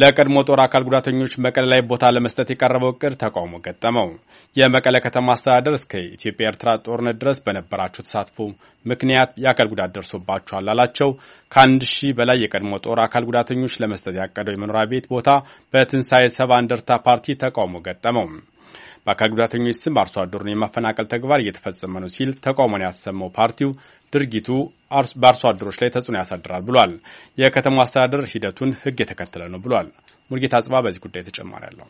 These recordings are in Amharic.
ለቀድሞ ጦር አካል ጉዳተኞች መቀለ ላይ ቦታ ለመስጠት የቀረበው እቅድ ተቃውሞ ገጠመው። የመቀለ ከተማ አስተዳደር እስከ ኢትዮጵያ ኤርትራ ጦርነት ድረስ በነበራቸው ተሳትፎ ምክንያት የአካል ጉዳት ደርሶባቸዋል አላቸው ከአንድ ሺህ በላይ የቀድሞ ጦር አካል ጉዳተኞች ለመስጠት ያቀደው የመኖሪያ ቤት ቦታ በትንሣኤ ሰባ እንደርታ ፓርቲ ተቃውሞ ገጠመው። በአካል ጉዳተኞች ስም አርሶ አደሩን የማፈናቀል ተግባር እየተፈጸመ ነው ሲል ተቃውሞን ያሰማው ፓርቲው ድርጊቱ በአርሶ አደሮች ላይ ተጽዕኖ ያሳድራል ብሏል። የከተማው አስተዳደር ሂደቱን ህግ የተከተለ ነው ብሏል። ሙልጌታ አጽባ በዚህ ጉዳይ ተጨማሪ አለው።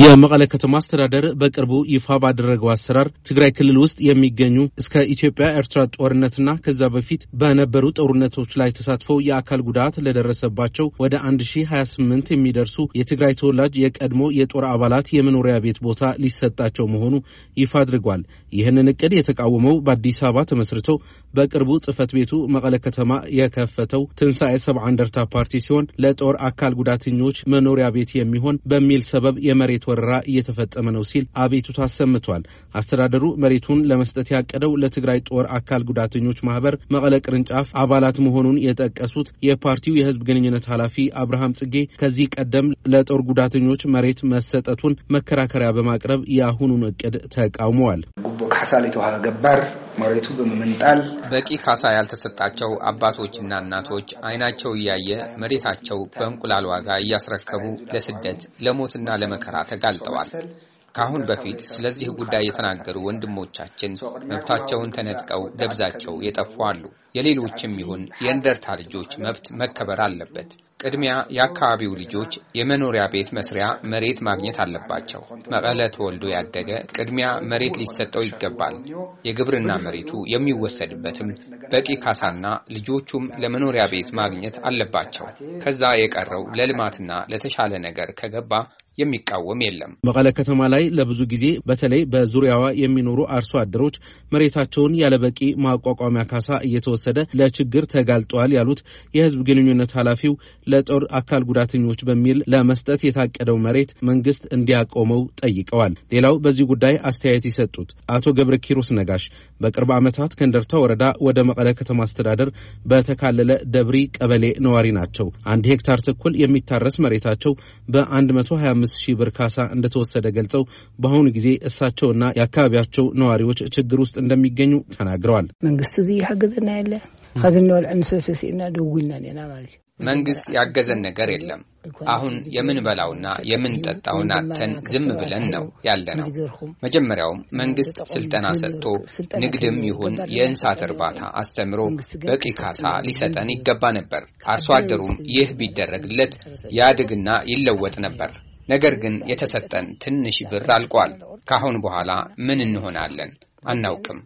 የመቀለ ከተማ አስተዳደር በቅርቡ ይፋ ባደረገው አሰራር ትግራይ ክልል ውስጥ የሚገኙ እስከ ኢትዮጵያ ኤርትራ ጦርነትና ከዛ በፊት በነበሩ ጦርነቶች ላይ ተሳትፈው የአካል ጉዳት ለደረሰባቸው ወደ 1028 የሚደርሱ የትግራይ ተወላጅ የቀድሞ የጦር አባላት የመኖሪያ ቤት ቦታ ሊሰጣቸው መሆኑ ይፋ አድርጓል። ይህንን እቅድ የተቃወመው በአዲስ አበባ ተመስርተው በቅርቡ ጽህፈት ቤቱ መቀለ ከተማ የከፈተው ትንሣኤ ሰብአንደርታ እንደርታ ፓርቲ ሲሆን ለጦር አካል ጉዳተኞች መኖሪያ ቤት የሚሆን በሚል ሰበብ የመሬት የመሬት ወረራ እየተፈጸመ ነው ሲል አቤቱታ አሰምቷል። አስተዳደሩ መሬቱን ለመስጠት ያቀደው ለትግራይ ጦር አካል ጉዳተኞች ማህበር መቀለ ቅርንጫፍ አባላት መሆኑን የጠቀሱት የፓርቲው የህዝብ ግንኙነት ኃላፊ አብርሃም ጽጌ ከዚህ ቀደም ለጦር ጉዳተኞች መሬት መሰጠቱን መከራከሪያ በማቅረብ የአሁኑን እቅድ ተቃውመዋል። ጉቦ ካሳ ለተዋሃ ገባር መሬቱ በመመንጣል በቂ ካሳ ያልተሰጣቸው አባቶችና እናቶች አይናቸው እያየ መሬታቸው በእንቁላል ዋጋ እያስረከቡ ለስደት ለሞትና ለመከራ ተጋልጠዋል። ከአሁን በፊት ስለዚህ ጉዳይ የተናገሩ ወንድሞቻችን መብታቸውን ተነጥቀው ደብዛቸው የጠፉ አሉ። የሌሎችም ይሁን የእንደርታ ልጆች መብት መከበር አለበት። ቅድሚያ የአካባቢው ልጆች የመኖሪያ ቤት መስሪያ መሬት ማግኘት አለባቸው። መቀለ ተወልዶ ያደገ ቅድሚያ መሬት ሊሰጠው ይገባል። የግብርና መሬቱ የሚወሰድበትም በቂ ካሳና ልጆቹም ለመኖሪያ ቤት ማግኘት አለባቸው። ከዛ የቀረው ለልማትና ለተሻለ ነገር ከገባ የሚቃወም የለም። መቀለ ከተማ ላይ ለብዙ ጊዜ በተለይ በዙሪያዋ የሚኖሩ አርሶ አደሮች መሬታቸውን ያለበቂ ማቋቋሚያ ካሳ እየተወሰደ ለችግር ተጋልጠዋል ያሉት የህዝብ ግንኙነት ኃላፊው ለጦር አካል ጉዳተኞች በሚል ለመስጠት የታቀደው መሬት መንግስት እንዲያቆመው ጠይቀዋል። ሌላው በዚህ ጉዳይ አስተያየት የሰጡት አቶ ገብረ ኪሮስ ነጋሽ በቅርብ ዓመታት ከእንደርታ ወረዳ ወደ መቀለ ከተማ አስተዳደር በተካለለ ደብሪ ቀበሌ ነዋሪ ናቸው። አንድ ሄክታር ተኩል የሚታረስ መሬታቸው በ125 ሺህ ብር ካሳ እንደተወሰደ ገልጸው በአሁኑ ጊዜ እሳቸውና የአካባቢያቸው ነዋሪዎች ችግር ውስጥ እንደሚገኙ ተናግረዋል። መንግስት እዚህ እየሓገዘና ያለ ከዚህ ንበልዕ ንሰብሰብ ሲእልና ኔና ማለት እዩ መንግስት ያገዘን ነገር የለም። አሁን የምንበላውና የምንጠጣውን አተን ዝም ብለን ነው ያለ ነው። መጀመሪያውም መንግስት ስልጠና ሰጥቶ ንግድም ይሁን የእንስሳት እርባታ አስተምሮ በቂ ካሳ ሊሰጠን ይገባ ነበር። አርሶ አደሩም ይህ ቢደረግለት ያድግና ይለወጥ ነበር። ነገር ግን የተሰጠን ትንሽ ብር አልቋል። ከአሁን በኋላ ምን እንሆናለን አናውቅም።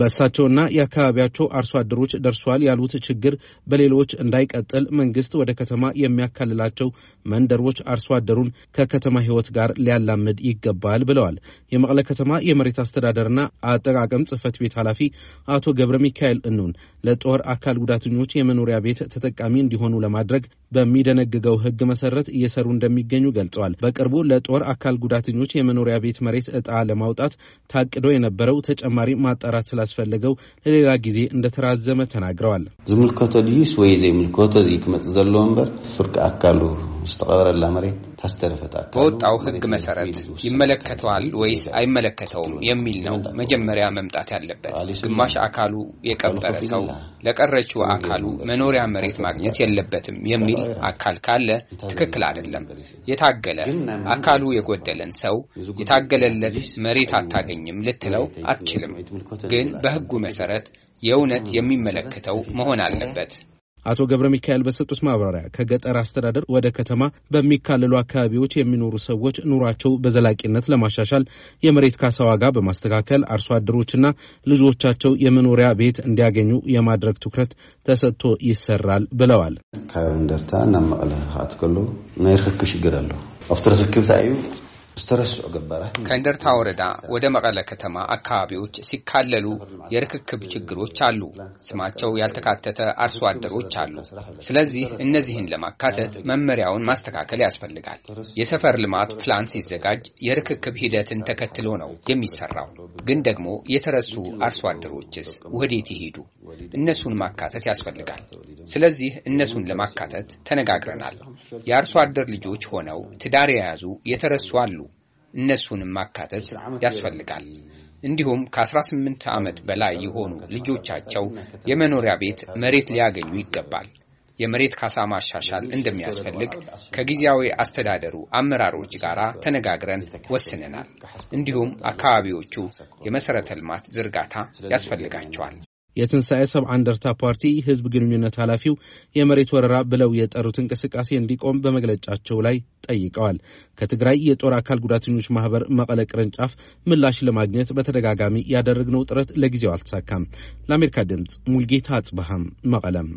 በእሳቸውና የአካባቢያቸው አርሶ አደሮች ደርሷል ያሉት ችግር በሌሎች እንዳይቀጥል መንግስት ወደ ከተማ የሚያካልላቸው መንደሮች አርሶ አደሩን ከከተማ ህይወት ጋር ሊያላምድ ይገባል ብለዋል። የመቀለ ከተማ የመሬት አስተዳደርና አጠቃቀም ጽህፈት ቤት ኃላፊ አቶ ገብረ ሚካኤል እኑን ለጦር አካል ጉዳተኞች የመኖሪያ ቤት ተጠቃሚ እንዲሆኑ ለማድረግ በሚደነግገው ህግ መሰረት እየሰሩ እንደሚገኙ ገልጸዋል። በቅርቡ ለጦር አካል ጉዳተኞች የመኖሪያ ቤት መሬት እጣ ለማውጣት ታቅዶ የነበረው ተጨማሪ ማጣራት ስላስፈለገው ለሌላ ጊዜ እንደተራዘመ ተናግረዋል። ዝምልከቶ ድዩስ ወይ ዘይምልከቶ እዚ ክመፅእ ዘለዎ እምበር ፍርቂ አካሉ ዝተቀበረላ መሬት በወጣው ህግ መሰረት ይመለከተዋል ወይስ አይመለከተውም የሚል ነው መጀመሪያ መምጣት ያለበት። ግማሽ አካሉ የቀበረ ሰው ለቀረችው አካሉ መኖሪያ መሬት ማግኘት የለበትም የሚል አካል ካለ ትክክል አይደለም። የታገለ አካሉ የጎደለን ሰው የታገለለት መሬት አታገኝም ልትለው አትችልም። ግን በህጉ መሰረት የእውነት የሚመለከተው መሆን አለበት። አቶ ገብረ ሚካኤል በሰጡት ማብራሪያ ከገጠር አስተዳደር ወደ ከተማ በሚካለሉ አካባቢዎች የሚኖሩ ሰዎች ኑሯቸው በዘላቂነት ለማሻሻል የመሬት ካሳ ዋጋ በማስተካከል አርሶ አደሮችና ልጆቻቸው የመኖሪያ ቤት እንዲያገኙ የማድረግ ትኩረት ተሰጥቶ ይሰራል ብለዋል። ካብ እንደርታ ናብ መቐለ ክኣትከሎ ናይ ርክክብ ሽግር ኣሎ ኣብቲ ርክክብ እዩ ከእንደርታ ወረዳ ወደ መቀለ ከተማ አካባቢዎች ሲካለሉ የርክክብ ችግሮች አሉ። ስማቸው ያልተካተተ አርሶ አደሮች አሉ። ስለዚህ እነዚህን ለማካተት መመሪያውን ማስተካከል ያስፈልጋል። የሰፈር ልማት ፕላን ሲዘጋጅ የርክክብ ሂደትን ተከትሎ ነው የሚሰራው። ግን ደግሞ የተረሱ አርሶ አደሮችስ ወዴት ይሄዱ? እነሱን ማካተት ያስፈልጋል። ስለዚህ እነሱን ለማካተት ተነጋግረናል። የአርሶ አደር ልጆች ሆነው ትዳር የያዙ የተረሱ አሉ። እነሱንም ማካተት ያስፈልጋል። እንዲሁም ከ18 ዓመት በላይ የሆኑ ልጆቻቸው የመኖሪያ ቤት መሬት ሊያገኙ ይገባል። የመሬት ካሳ ማሻሻል እንደሚያስፈልግ ከጊዜያዊ አስተዳደሩ አመራሮች ጋር ተነጋግረን ወስነናል። እንዲሁም አካባቢዎቹ የመሰረተ ልማት ዝርጋታ ያስፈልጋቸዋል። የትንሣኤ ሰብ አንደርታ ፓርቲ ህዝብ ግንኙነት ኃላፊው የመሬት ወረራ ብለው የጠሩት እንቅስቃሴ እንዲቆም በመግለጫቸው ላይ ጠይቀዋል። ከትግራይ የጦር አካል ጉዳተኞች ማህበር መቀለ ቅርንጫፍ ምላሽ ለማግኘት በተደጋጋሚ ያደረግነው ጥረት ለጊዜው አልተሳካም። ለአሜሪካ ድምፅ ሙልጌታ አጽበሃም መቀለም